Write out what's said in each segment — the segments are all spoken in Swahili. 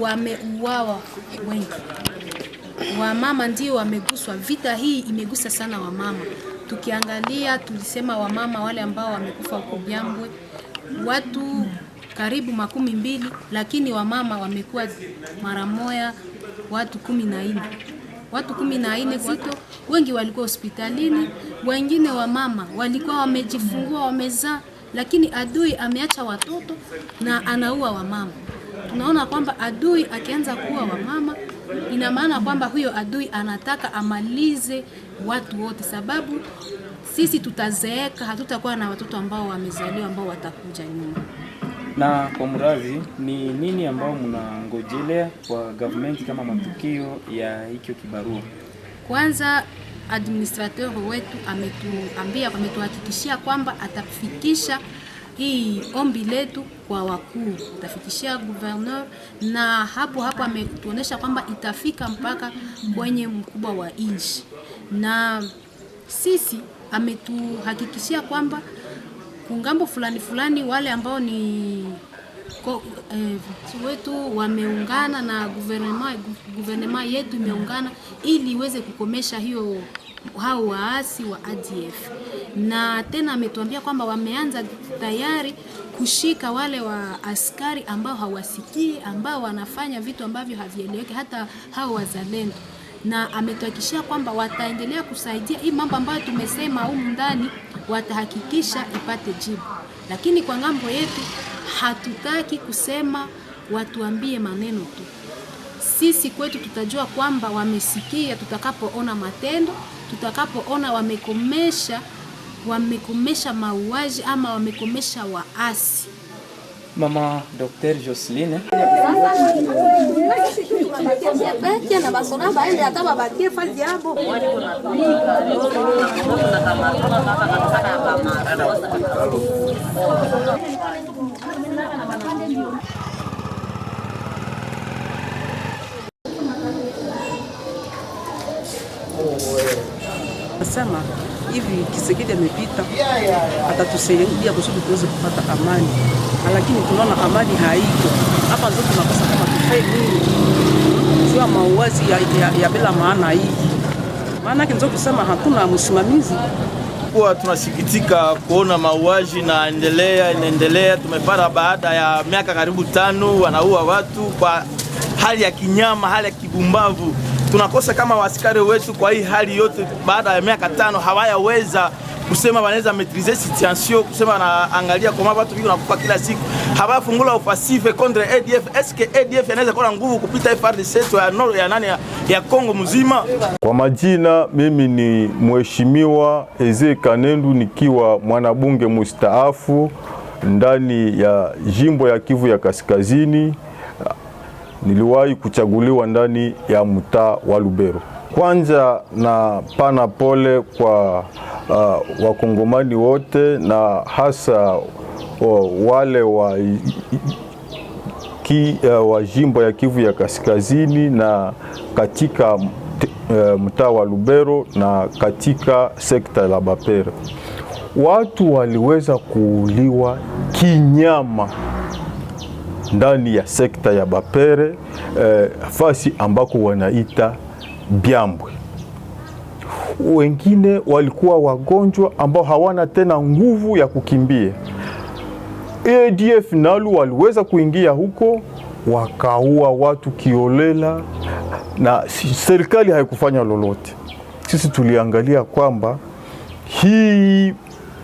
wameuawa wengi, wamama ndio wameguswa. Vita hii imegusa sana wamama. Tukiangalia tulisema wamama wale ambao wamekufa huko Byambwe watu karibu makumi mbili, lakini wamama wamekuwa mara moya watu kumi na nne watu kumi na nne sito. Wengi walikuwa hospitalini, wengine wamama walikuwa wamejifungua wamezaa, lakini adui ameacha watoto na anaua wamama tunaona kwamba adui akianza kuwa wamama, ina maana kwamba huyo adui anataka amalize watu wote, sababu sisi tutazeeka, hatutakuwa na watoto ambao wamezaliwa ambao watakuja nyuma. Na kwa mrazi, ni nini ambao mnangojelea kwa government kama matukio ya hicho kibarua? Kwanza administrateur wetu ametuambia, ametuhakikishia kwamba atafikisha hii ombi letu kwa wakuu utafikishia gouverneur, na hapo hapo ametuonesha kwamba itafika mpaka kwenye mkubwa wa nchi, na sisi ametuhakikishia kwamba kungambo fulani fulani wale ambao ni Ko, eh, wetu wameungana na guvernema yetu imeungana ili iweze kukomesha hiyo hao waasi wa ADF na tena ametuambia kwamba wameanza tayari kushika wale wa askari ambao hawasikii, ambao wanafanya vitu ambavyo havieleweki, hata hao wazalendo na ametuhakikishia kwamba wataendelea kusaidia hii mambo ambayo tumesema humu ndani, watahakikisha ipate jibu. Lakini kwa ngambo yetu hatutaki kusema watuambie maneno tu, sisi kwetu tutajua kwamba wamesikia tutakapoona matendo, tutakapoona wamekomesha wamekomesha mauaji ama wamekomesha waasi. Mama Dr. Joseline oh, eh. Nasema hivi Kisekedi amepita, atatusaidia kusudi tuweze kupata amani, lakini tunaona amani haiko hapa. tunakosa kama tufai nini ya mauaji ya bila maana hii, maana yake ndio kusema hakuna msimamizi. tunasikitika kuona mauaji naendelea inaendelea, tumepata baada ya miaka karibu tano wanaua watu kwa hali ya kinyama, hali ya kibumbavu tunakosa kama wasikari wetu kwa hii hali yote, baada ya miaka tano hawayaweza kusema wanaweza maitrize situation, kusema wanaangalia kama watu viko nakufa kila siku, hawafungula ofasive contre ADF. Eske ADF yanaweza kuwa na nguvu kupita FARDC ya nord ya nani ya Kongo mzima? Kwa majina, mimi ni mheshimiwa Eze Kanendu nikiwa mwanabunge mustaafu ndani ya jimbo ya Kivu ya Kaskazini niliwahi kuchaguliwa ndani ya mtaa wa Lubero. Kwanza na pana pole kwa uh, wakongomani wote na hasa uh, wale wa ki, uh, wa jimbo ya Kivu ya Kaskazini na katika uh, mtaa wa Lubero na katika sekta la Bapere. Watu waliweza kuuliwa kinyama ndani ya sekta ya Bapere eh, fasi ambako wanaita Byambwe. Wengine walikuwa wagonjwa ambao hawana tena nguvu ya kukimbia. ADF nalu waliweza kuingia huko wakaua watu kiolela, na serikali haikufanya lolote. Sisi tuliangalia kwamba hii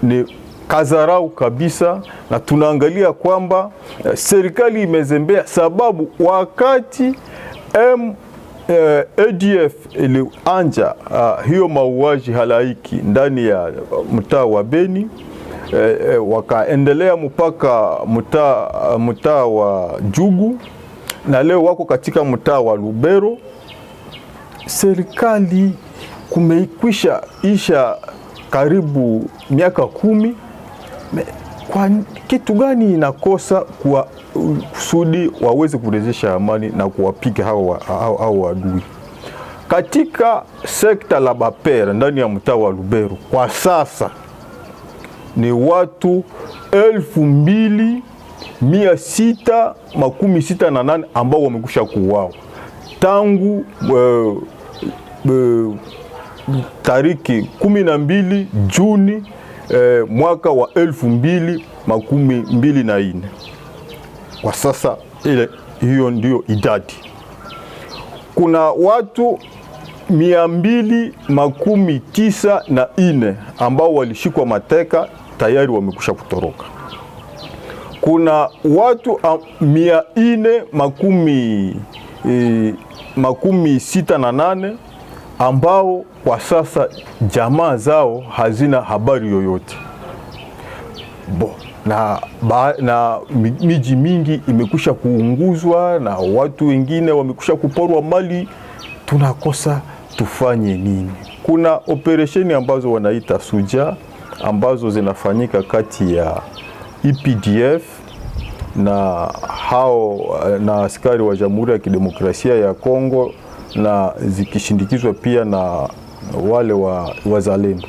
ni kadharau kabisa, na tunaangalia kwamba eh, serikali imezembea, sababu wakati M eh, ADF ilianja ah, hiyo mauaji halaiki ndani ya mtaa wa Beni eh, eh, wakaendelea mpaka mtaa mtaa wa Jugu na leo wako katika mtaa wa Lubero. Serikali kumeikwisha isha karibu miaka kumi kwa kitu gani inakosa kwa kusudi waweze kurejesha amani na kuwapiga hao wadui katika sekta la Bapera ndani ya mtaa wa Lubero? Kwa sasa ni watu elfu mbili mia sita makumi sita na nane ambao wamekusha kuuawa tangu uh, uh, tariki kumi na mbili Juni eh, mwaka wa elfu mbili makumi mbili na nne. Kwa sasa ile hiyo ndio idadi. Kuna watu mia mbili makumi tisa na nne ambao walishikwa mateka tayari wamekusha kutoroka. Kuna watu mia nne makumi, eh, makumi sita na nane ambao kwa sasa jamaa zao hazina habari yoyote Bo, na, ba, na miji mingi imekwisha kuunguzwa na watu wengine wamekwisha kuporwa mali. Tunakosa tufanye nini? Kuna operesheni ambazo wanaita Suja ambazo zinafanyika kati ya EPDF na hao na askari wa Jamhuri ya Kidemokrasia ya Kongo na zikishindikizwa pia na wale wa wazalendo.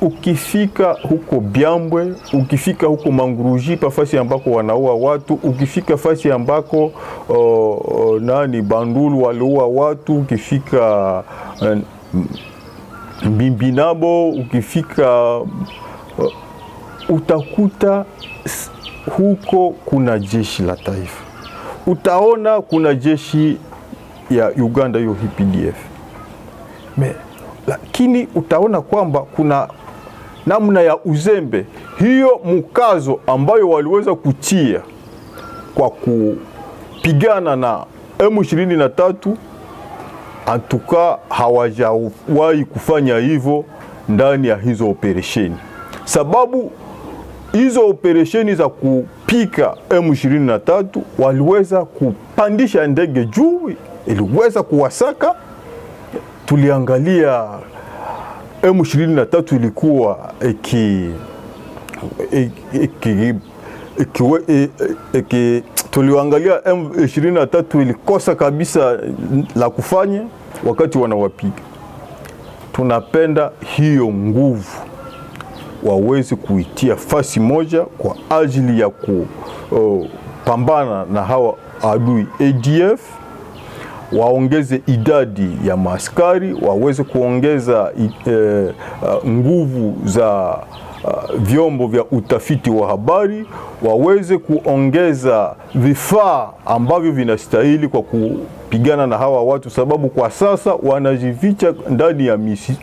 Ukifika huko Byambwe, ukifika huko Manguruji, pafasi ambako wanaua watu, ukifika fasi ambako o, o, nani Bandulu waliua watu, ukifika eh, Bimbinabo, ukifika o, utakuta huko kuna jeshi la taifa, utaona kuna jeshi ya Uganda hiyo UPDF. Me, lakini utaona kwamba kuna namna ya uzembe hiyo mkazo ambayo waliweza kutia kwa kupigana na M23 antuka hawajawahi kufanya hivyo ndani ya hizo operesheni, sababu hizo operesheni za kupika M23 waliweza kupandisha ndege juu iliweza kuwasaka. Tuliangalia M23 ilikuwa iki, iki, iki, iki, tuliangalia M23 ilikosa kabisa la kufanya wakati wanawapiga. Tunapenda hiyo nguvu waweze kuitia fasi moja kwa ajili ya kupambana oh, na hawa adui ADF waongeze idadi ya maaskari, waweze kuongeza eh, nguvu za Uh, vyombo vya utafiti wa habari waweze kuongeza vifaa ambavyo vinastahili kwa kupigana na hawa watu, sababu kwa sasa wanajificha ndani ya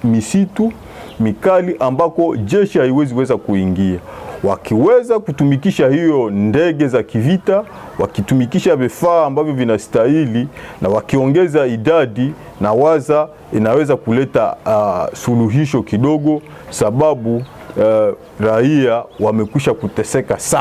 misitu mikali ambako jeshi haiwezi weza kuingia wakiweza kutumikisha hiyo ndege za kivita, wakitumikisha vifaa ambavyo vinastahili na wakiongeza idadi na waza, inaweza kuleta uh, suluhisho kidogo, sababu uh, raia wamekwisha kuteseka sana.